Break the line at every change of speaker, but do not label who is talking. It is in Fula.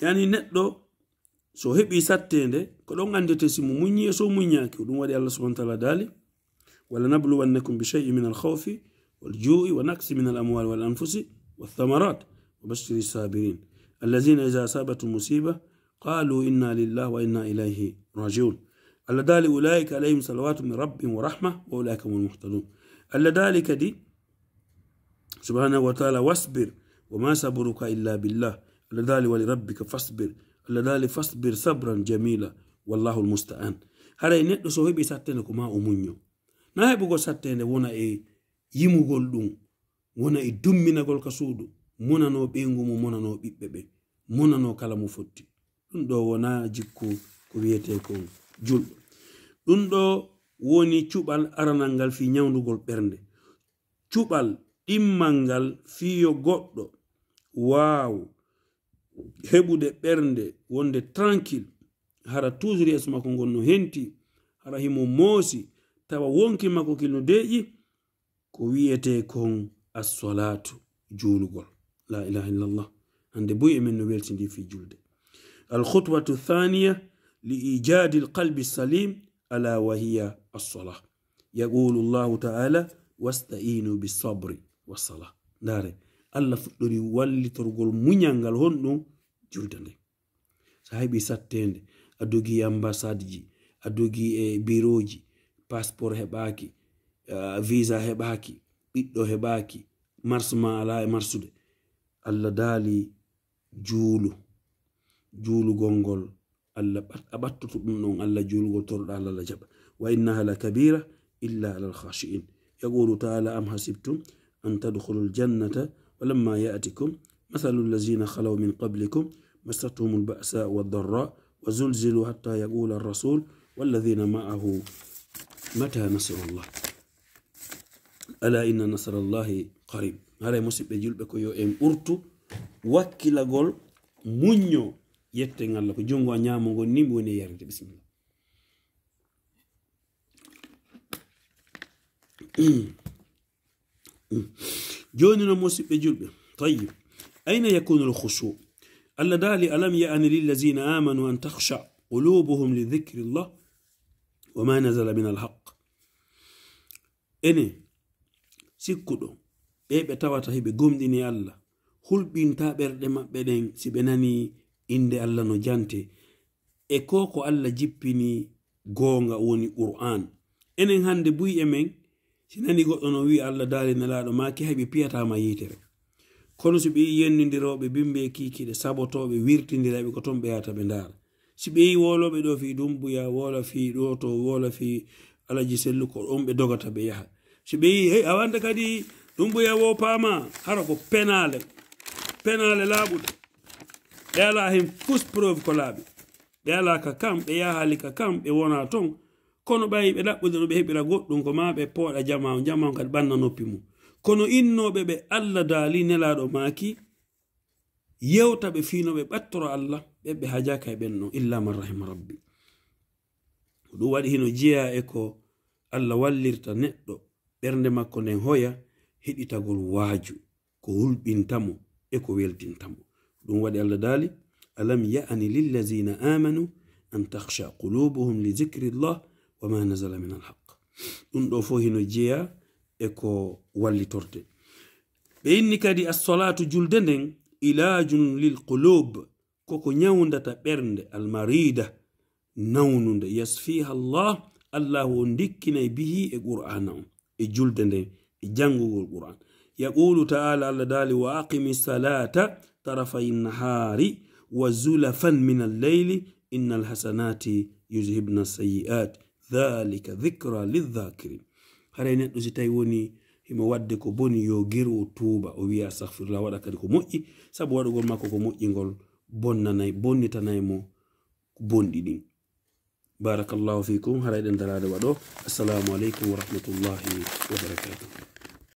yani neɗɗo so heɓi sattende ko ɗon andete simo muñi e so muñaki ɗum waɗi allah subahana taala daali wala nabluwannakum bi cheyi min alhawfi waljui wa naksi min alamwali wal anfusi walthamarat wa bashiri sabirin allazina ida asabatu musiba qalu inna lillah wa inna ilayhi rajiun allah daali ulaika alayhim salawatu min rabbihim wa rahma wa ulaika hum lmuhtadun allah daali kadi subhanahu wa taala wasbir wama saburuka illa billah ala dali wali rabbika fasbir ala dali fasbir sabran jamila wallahu lmustaan haray neɗɗo so heɓi sattende ko ma o muño na heɓugol sattende wona e yimugol ɗum wona e dumminagol ka suudu monano ɓeygu mum monano ɓiɓɓe ɓe monano kala mo fotti ɗum ɗo wona jikku ko wiyete ko julɗo ɗum ɗo woni cuɓal aranal ngal fi ñawdugol ɓernde cuɓal ɗimmal ngal fiyo goɗɗo waaw heɓude ɓernde wonde tranquille hara toujours yeeso makko ngon no henti hara himo moosi tawa wonki makko kil no deƴi ko wiyete kon assolatu julugol la ilaha illallah hande boyi emin no weltindi fi julde alhutwatu thania li ijadi lqalbi salim ala wahiya assola yaqulu llahu taala wastainu bisabri wassala ndare allah fuɗɗori wallitorgol muñal ngal honɗum julda nde sa heɓi sattede a dogi ambasadeji a dogi e biroji passeport heɓaki ah, visa heɓaki ɓiɗɗo heɓaki marse ma ala e marsude allah daali juulu juulugol ngol allah a ɓattoto ɗum ɗon allah juulugol torɗa allah allah jaɓa wa innaha la kabira illa alal khashiin yaqulu taala am hasibtum an tadkhulu ljannata ولما يأتكم مثل الذين خلوا من قبلكم مستهم البأساء والضراء وزلزلوا حتى يقول الرسول والذين معه متى نصر الله ألا إن نصر الله قريب هذا مسيب يجلب كيو إم أرتو وكلا قول منيو يتنع الله جونغو نيامو نيمو نيارد بسم الله Mm-hmm. joni non musidɓe julɓe tayib aina yakunu lkhushu allah dali alam yani lilazina amanu an takhsha qulubuhum lidhikri llah wama nazala min alhaq ene sikkuɗo ɓe ɓe tawata heɓe gomɗini allah hulɓinta ɓerɗe maɓɓe ɗen si ɓe nani inde allah no jante e ko ko allah jippini gonga woni qur'an enen hande buy e men si nani goɗɗo no wii allah daalinelaaɗo maki hayɓe piyatama yiitere kono so ɓeyi yennidirooɓe bimbe e kiikiiɗe sabotooɓe wirtidiraaɓe ko toon ɓe yahata ɓe ndaara si ɓeyi wolooɓe ɗo fii dumbuya wola fii ɗo to wola fii alaji sellu ko ɗon ɓe dogata ɓe yaha so ɓeyi hey awanta kadi dumbuya wo paama hara ko penale penale laaɓude ɓe ala heen fus preuve ko laaɓi ɓe ala ka kam ɓe yahaali ka kam ɓe wona toon kono ɓayi ɓe laɓɓude no ɓe heɓira goɗɗum ko ma ɓe pooɗa jama o jama o kadi ɓanna noppi mum kono innoɓe ɓe allah daali nelaɗo maaki yewta ɓe fiinoɓe ɓattoro allah ɓeɓe hajaka e ɓenno illa man rahima rabbi ɗum waɗi hino jeeya e ko allah wallirta neɗɗo ɓernde makko nden hoya heɗitagol waaju ko hulɓintamo e ko weltintamo ɗum waɗi allah daali alam yaani lillazina amanu an takhsha qulubuhum li zicri llah wama nasala min alhaq ɗum ɗo fo hino jeeya e ko wallitorde ɓe yinni kadi assolatu julde nden ilajun lilqulub koko ñawdata ɓernde almarida nawnude yasfiha llah allahu o ndikkinay bihi e qur'ana on e julde nden e jangugol qur'an yaqulu taala allah daali wa aqimi salata tarafay nahari wa zulafan min alleyli ina alhasanati yuzhibna sayi'ati dhalika dhicra lildhakirin haray neɗɗo si tawi woni himo wadde ko boni yo gerwo tuuba o wiya astahfirullah waɗa kadi ko moƴƴi saabu waɗugol makko ko moƴƴingol bonnanayi bonnitanayi mo bonɗi ɗin barakallahu fikum haray ɗen darade waɗo assalamu aleykum wa rahmatullahi wa barakatuh